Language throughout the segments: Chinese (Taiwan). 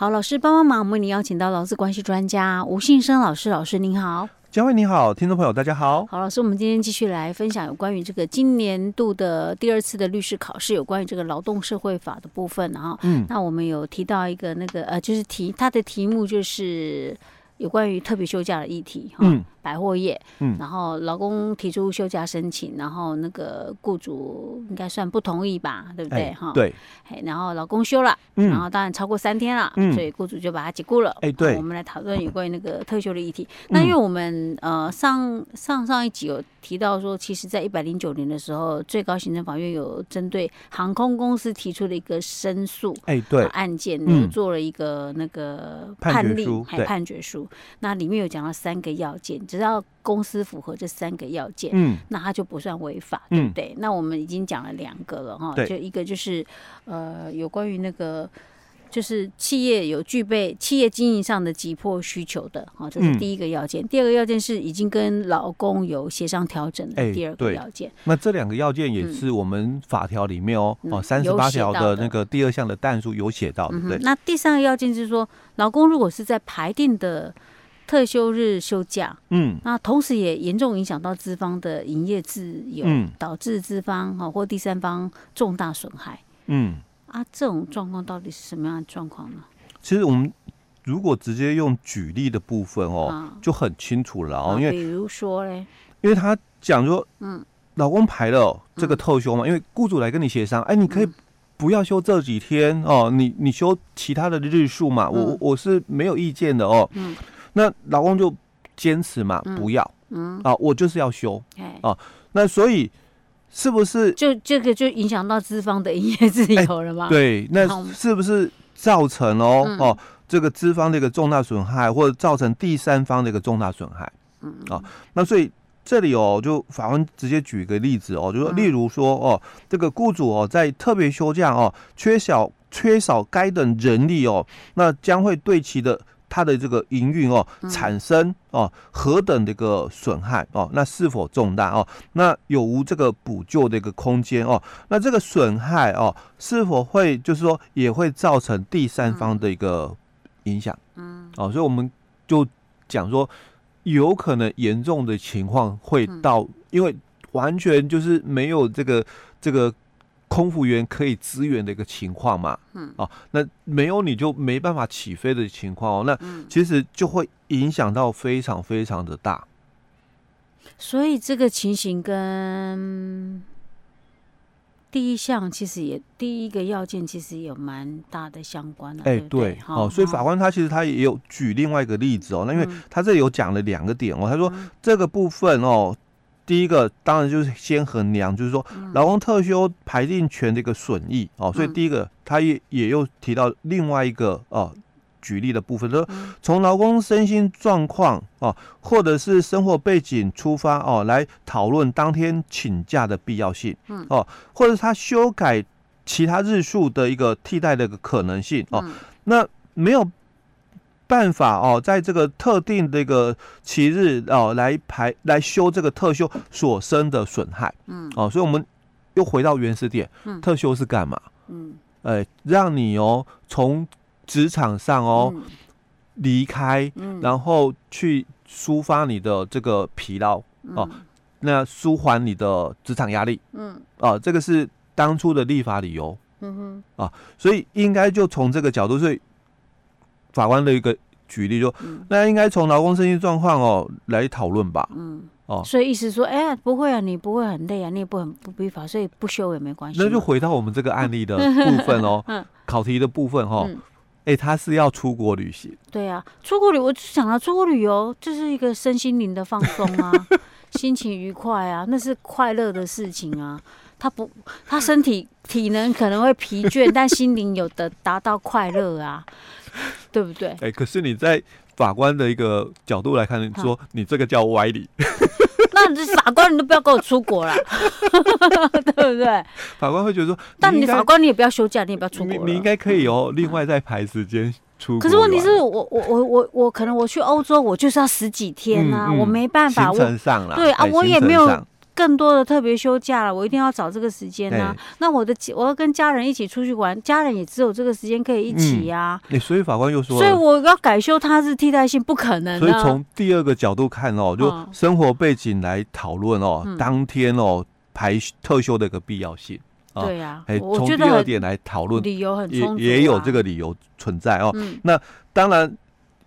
好，老師幫幫忙，忙，我們為你邀請到勞資關係專家吳信生老師。老師您好，嘉惠，你好，聽眾朋友大家好。好，老師，我們今天繼續來分享有關於這個今年度的第二次的律師考試，有關於這個勞動社會法的部分啊。嗯，那我們有提到一個那個呃，就是題，它的題目就是有關於特別休假的議題哈。嗯。哦。百貨業，然後勞工提出休假申請，嗯、然後那個雇主應該算不同意吧，對不對？哈、哎，對，然後勞工休了，嗯、然後當然超過三天了，嗯、所以雇主就把他解僱了，哎，對。我們來討論有關於那個特休的議題。嗯、那因為我們呃上上上一集有提到說，其實在一百零九年的時候，最高行政法院有針對航空公司提出了一個申訴，哎，對，啊、案件做了一個那個判例，書、嗯，判決書，決書那裡面有講到三個要件。只要公司符合這三個要件，嗯，那它就不算違法，對不對？嗯、那我們已經講了兩個了哈，對、嗯，就一個就是呃，有關於那個就是企業有具備企業經營上的急迫需求的哈，這是第一個要件。嗯、第二個要件是已經跟勞工有協商調整的，第二個要件。欸、那這兩個要件也是我們法條裡面哦，嗯、哦，三十八條的那個第二項的但書有寫到，對不對？那第三個要件就是說，勞工如果是在排定的。特休日休假，嗯，那同時也嚴重影響到資方的營業自由，嗯，導致資方哦或第三方重大損害，嗯，啊，這種狀況到底是什麼樣的狀況呢？其實我們如果直接用舉例的部分哦，就很清楚了哦，因為比如說呢，因為他講說，嗯，老公排了這個特休嘛，因為雇主來跟你協商，哎，你可以不要休這幾天哦，你你休其他的日數嘛，我我是沒有意見的哦，嗯。那老公就堅持嘛，不要，嗯，嗯啊，我就是要休，嗯、啊，那所以是不是就這個就影響到資方的營業自由了嗎？欸？對，那是不是造成了哦哦、嗯啊、這個資方的一個重大損害，或者造成第三方的一個重大損害？嗯嗯啊，那所以這裡哦，就法官直接舉一個例子哦，就說例如說哦，這個雇主哦在特別休假哦缺少缺少該等人力哦，那將會對其的。它的這個營運哦，產生哦、喔、何等的一個損害哦、喔，那是否重大哦、喔？那有無這個補救的一個空間哦？那這個損害哦、喔，是否會就是說也會造成第三方的一個影響？嗯，哦，所以我們就講說，有可能嚴重的情況會到，因為完全就是沒有這個這個。空服員可以支援的一個情況嘛？嗯，哦，那沒有你就沒辦法起飛的情況哦，那其實就會影響到非常非常的大、嗯。所以這個情形跟第一項其實也第一個要件其實也蠻大的相關的、啊。哎、欸，對，對，對好、哦，所以法官他其實他也有舉另外一個例子哦，好那因為他這有講了兩個點哦，嗯、他說這個部分哦。第一個當然就是先衡量，就是說勞工特休排定權的一個損益哦，所以第一個，他也也又提到另外一個哦、呃，舉例的部分，就是、說從勞工身心狀況哦，或者是生活背景出發哦，來討論當天請假的必要性哦，或者他修改其他日數的一個替代的一個可能性哦，那沒有辦法哦，在這個特定的一個期日哦、啊，來排來修這個特休所生的損害，嗯，哦，所以我們又回到原始點，嗯、特休是幹嘛？嗯、哎，讓你哦從職場上哦、嗯、離開，然後去抒發你的這個疲勞哦、嗯啊，那舒緩你的職場壓力，嗯、啊，這個是當初的立法理由，嗯哼、啊，所以應該就從這個角度，所以。法官的一個舉例說，說那應該從勞工身心狀況哦來討論吧。嗯，哦，所以意思說，哎、欸，不會啊，你不會很累啊，你也不很不疲乏，所以不休也沒關係。那就回到我們這個案例的部分哦， 考題的部分哈、哦，哎、嗯欸，他是要出國旅行。嗯、對啊，出國旅，我想到、啊、出國旅遊、哦、這、就是一個身心靈的放鬆啊， 心情愉快啊，那是快樂的事情啊。 他不，他身體體能可能會疲倦，但心靈有得達到快樂啊，對不對？哎、欸，可是你在法官的一個角度來看，你、啊、說你這個叫歪理。那你是法官，你都不要跟我出國了， 對不對？法官會覺得說，但你，你法官，你也不要休假，你也不要出國了你。你你應該可以哦，另外再排時間出國。可是問題是我我我我我可能我去歐洲，我就是要十幾天啊，我沒辦法。對啊，我也沒有。更多的特別休假了，我一定要找這個時間呢、啊。欸、那我的我要跟家人一起出去玩，家人也只有這個時間可以一起呀、啊。你、嗯欸、所以法官又說，所以我要改休，它，是替代性不可能。所以從第二個角度看哦、喔，就生活背景來討論哦，嗯、當天哦、喔、排特休的一個必要性、啊。對呀、啊，哎，從第二點來討論，理由很充足、啊欸、也有這個理由存在哦、喔。嗯、那當然，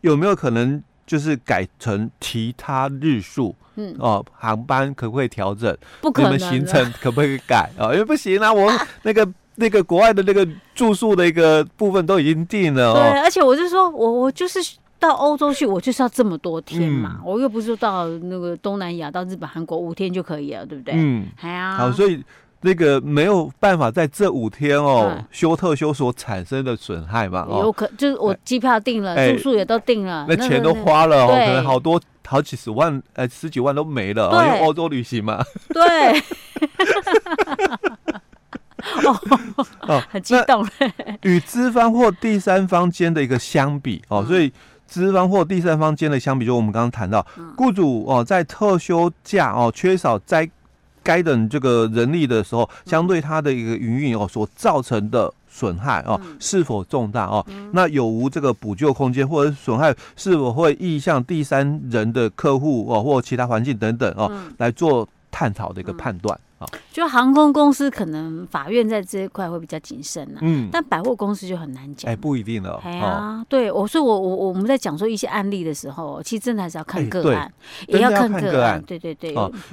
有沒有可能？就是改成其他日數，嗯哦，航班可不可以調整？不可能。你們行程可不可以改啊、 哦？因為不行啊，我那個 那個國外的那個住宿的一個部分都已經定了、哦、對，而且我就說，我我就是到歐洲去，我就是要這麼多天嘛，嗯、我又不是到那個東南亞到日本韓國五天就可以了，對不對？嗯，啊、好，所以。那個沒有辦法在這五天哦休特休所產生的損害嘛，嗯、有可就是我機票訂了，欸、住宿也都訂了，那錢都花了，哦。那是那是可能好多好幾十萬，呃、欸、十幾萬都沒了啊、哦，對因為歐洲旅行嘛。對。哦 哦，很激動。與資方或第三方間的一個相比哦，所以資方或第三方間的相比，就我們剛剛談到，雇主哦在特休假哦缺少在。該等這個人力的時候，相對它的一個營運哦，所造成的損害哦、喔，是否重大哦、喔？那有無這個補救空間，或者損害是否會溢向第三人的客戶哦、喔，或其他環境等等哦、喔，來做探討的一個判斷。就航空公司可能法院在這一塊會比較謹慎呢，嗯，但百貨公司就很難講，哎，不一定了，哎呀，對，所以我我我們在講說一些案例的時候，其實真的還是要看個案，也要看個案，對對對，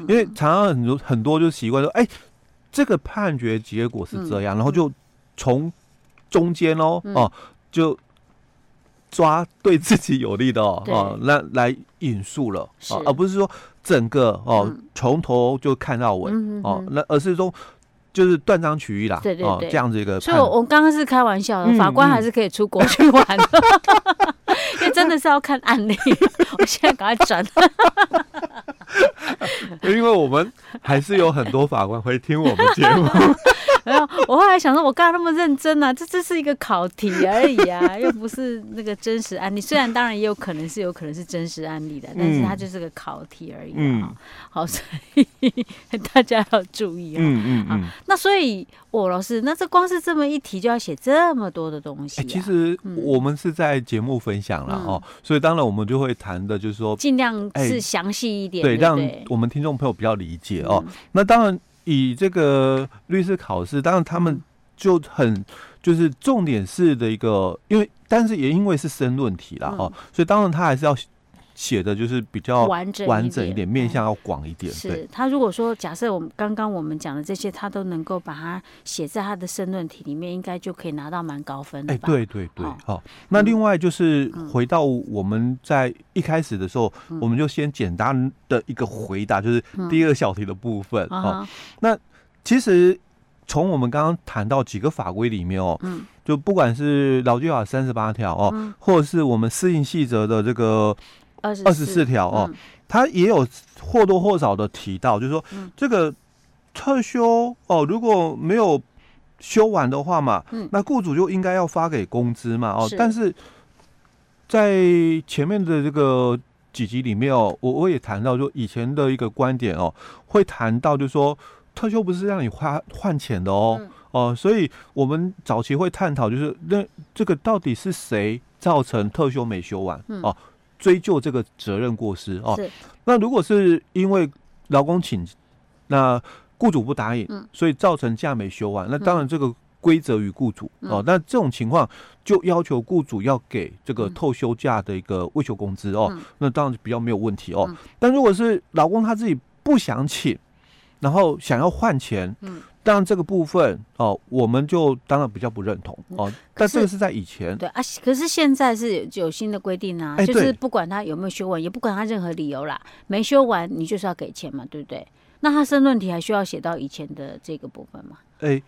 因為常常很多很多就習慣說，哎，這個判決結果是這樣，然後就從中間哦哦就抓對自己有利的哦，那來引述了，而不是說。整個哦，從頭就看到尾，嗯、哦，那而是說就是斷章取義啦，嗯、哼哼哦，對對對這樣子一個。所以我剛剛是開玩笑的，嗯嗯，法官還是可以出國去玩，的 因為真的是要看案例。我現在趕快轉， 因為我們還是有很多法官會聽我們節目。 後我後來想說，我幹嘛那麼認真呢、啊，這這是一個考題而已啊，又不是那個真實案例。雖然當然也有可能是有可能是真實案例的，但是它就是個考題而已啊、哦。嗯、好，所以大家要注意啊、哦嗯。嗯嗯嗯。那所以，哦，老師，那這光是這麼一題，就要寫這麼多的東西、啊欸。其實我們是在節目分享了哦，嗯嗯、所以當然我們就會談的，就是說盡量是詳細一點，欸、對，對對讓我們聽眾朋友比較理解哦、喔。嗯、那當然。以這個律師考試，當然他們就很就是重點式的一個，因為但是也因為是申論題啦，嗯、哦，所以當然他還是要。寫的就是比較完整完整一點，面向要廣一點。是他如果說假設我們剛剛我們講的這些，他都能夠把它寫在他的申論題裡面，應該就可以拿到蠻高分了吧？哎，對對對，好。那另外就是回到我們在一開始的時候，我們就先簡單的一個回答，就是第二小題的部分啊。那其實從我們剛剛談到幾個法規裡面哦，嗯，就不管是勞基法三十八條哦，或者是我們施行細則的這個。二十四條哦，嗯、他也有或多或少的提到，就是說這個特休哦、呃，如果沒有休完的話嘛，嗯、那雇主就應該要發給工資嘛，哦，是，但是在前面的這個幾集裡面哦，我我也談到，就以前的一個觀點哦，會談到就是說特休不是讓你花換錢的哦，哦、嗯呃，所以我們早期會探討，就是那這個到底是誰造成特休沒休完，嗯、啊。追究這個責任過失哦，是那如果是因為勞工請，那雇主不答應，嗯、所以造成假沒休完，那當然這個歸責於雇主、嗯、哦。那這種情況就要求雇主要給這個特休假的一個未休工資哦。嗯、那當然比較沒有問題哦。嗯、但如果是勞工他自己不想請，然後想要換錢，嗯當然，但這個部分哦，我們就當然比較不認同哦。是但這個是在以前。對啊，可是現在是有，有新的規定啊，欸、就是不管他有沒有休完，欸、也不管他任何理由啦，沒休完你就是要給錢嘛，對不對？那他申論題還需要寫到以前的這個部分嗎？哎、欸，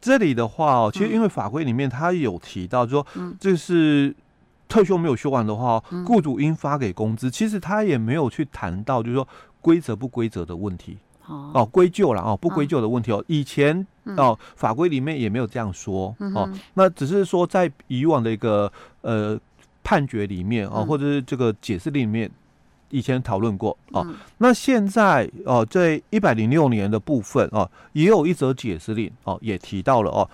這裡的話、哦，其實因為法規裡面他有提到說，說、嗯、就是特休沒有休完的話，雇主應發給工資。嗯、其實他也沒有去談到，就是說規則不規則的問題。哦，歸咎了哦，不歸咎的問題哦，嗯、以前哦、嗯、法規裡面也沒有這樣說哦，嗯、哼那只是說在以往的一個呃判決裡面啊，哦嗯、或者是這個解釋令裡面以前討論過啊，哦嗯、那現在哦這一百零六年的部分啊、哦，也有一則解釋令哦也提到了哦，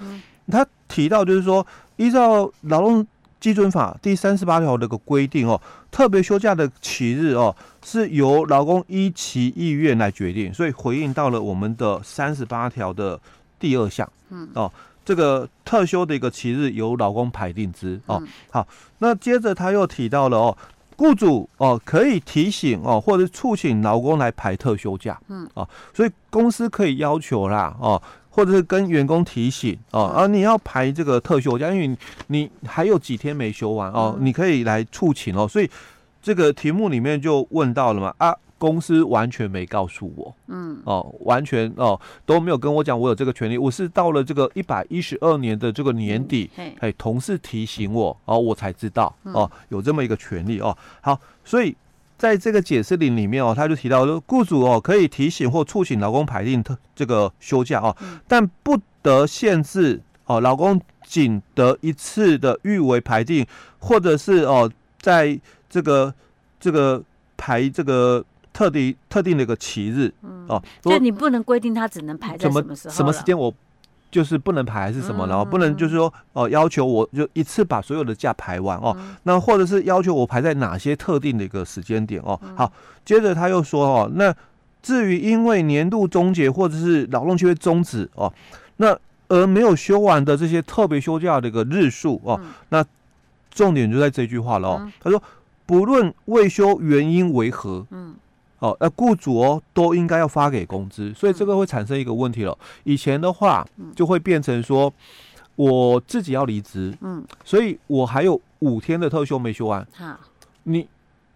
他、嗯、提到就是說依照勞動。基準法第三十八條的個規定哦，特別休假的期日哦是由勞工依其意願來決定，所以回應到了我們的三十八條的第二項，嗯哦，這個特休的一個期日由勞工排定之哦。好，那接着他又提到了哦，雇主哦可以提醒哦或者促請勞工來排特休假，嗯、哦、啊，所以公司可以要求啦哦。或者是跟員工提醒哦、啊，啊，你要排這個特休假，因為你還有幾天沒休完哦、啊，你可以來促請哦。所以這個題目裡面就問到了嘛，啊，公司完全沒告訴我，嗯，哦，完全哦、啊、都沒有跟我講，我有這個權利，我是到了這個一百一十二年的這個年底，嘿，同事提醒我哦、啊，我才知道哦、啊，有這麼一個權利哦、啊。好，所以。在這個解釋裡裡面哦，他就提到說，雇主哦可以提醒或促請勞工排定特這個休假哦，但不得限制哦勞工僅得一次的預為排定，或者是哦在這個這個排這個特定特定的一個期日哦，就你不能規定他只能排在什麼時候什麼時間我。就是不能排還是什麼，然後不能就是說哦、呃，要求我就一次把所有的假排完哦，那或者是要求我排在哪些特定的一個時間點哦。好，接着他又說哦，那至於因為年度終結或者是勞動契約終止哦，那而沒有休完的這些特別休假的一個日數哦，那重點就在這句話了哦。他說，不論未休原因為何。哦，那雇主哦都應該要發給工資，所以這個會產生一個問題了。嗯、以前的話就會變成說，我自己要離職，嗯，所以我還有五天的特休沒休完。嗯、你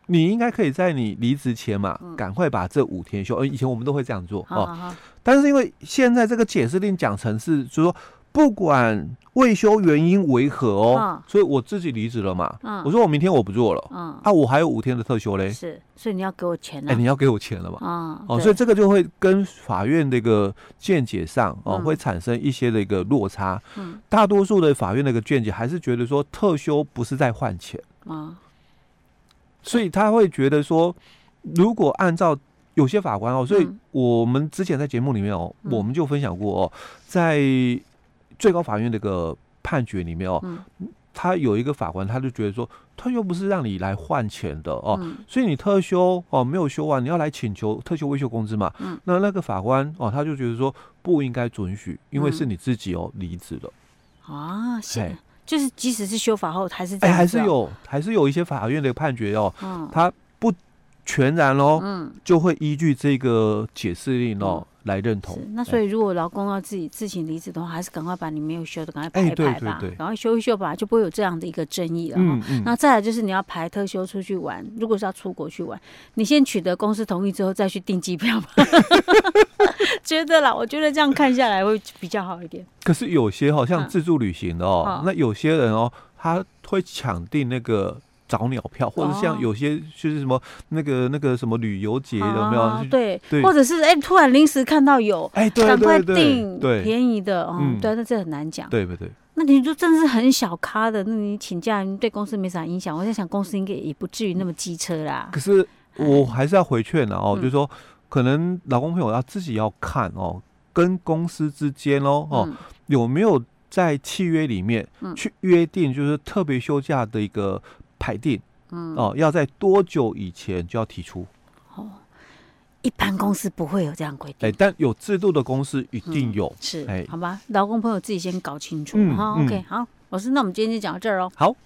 你應該可以在你離職前嘛，趕、嗯、快把這五天休。呃、以前我們都會這樣做啊，但是因為現在這個解釋令講成是，就是說。不管未休原因為何哦，啊、所以我自己離職了嘛。嗯、我說我明天我不做了。嗯，啊，我還有五天的特休嘞。是，所以你要給我錢啊？哎、欸，你要給我錢了嘛。嗯、哦，所以這個就會跟法院的一個見解上哦會產生一些的一個落差。嗯、大多數的法院的一個見解還是覺得說特休不是在換錢啊，嗯、所以他會覺得說，如果按照有些法官哦，所以我們之前在節目裡面哦，嗯、我們就分享過哦，在最高法院那個判決裡面哦，嗯、他有一個法官，他就覺得說，他又不是讓你來換錢的哦，嗯、所以你特休哦沒有休完，你要來請求特休未休工資嘛？嗯、那那個法官哦，他就覺得說不應該准許，因為是你自己哦離職、嗯、的。啊，是，欸、就是即使是修法後還是、哦欸、還是有還是有一些法院的判決哦，嗯、他不全然嘍、哦，嗯、就會依據這個解釋令哦。嗯來認同。那所以，如果勞工要自己自行離職的話，欸、還是趕快把你沒有休的趕快排排吧，趕、欸、快休一休吧，就不會有這樣的一個爭議了。嗯嗯，那再來就是你要排特休出去玩，如果是要出國去玩，你先取得公司同意之後再去訂機票吧。 覺得啦，我覺得這樣看下來會比較好一點。可是有些好、哦、像自助旅行的哦，啊、哦，那有些人哦，他會搶訂那個。找鳥票，或者像有些就是什麼那個那個什麼旅遊節有沒有？對、啊、對，對或者是哎、欸，突然臨時看到有趕，哎、欸，趕快訂便宜的，哦、嗯，對、啊，那這很難講。對對對。那你就真是很小咖的，那你請假，你對公司沒啥影響。我在想，公司應該也不至於那麼機車啦，嗯。可是我還是要回勸哦，嗯，就是說可能勞工朋友要，啊、自己要看哦，跟公司之間哦、嗯、哦有沒有在契約裡面去約定，就是特別休假的一個。排定，嗯，哦，要在多久以前就要提出？哦，一般公司不會有這樣規定，哎、欸，但有制度的公司一定有，嗯、是，哎、欸，好吧，勞工朋友自己先搞清楚，哈，OK，好，老師，那我們今天就講到這兒哦，好。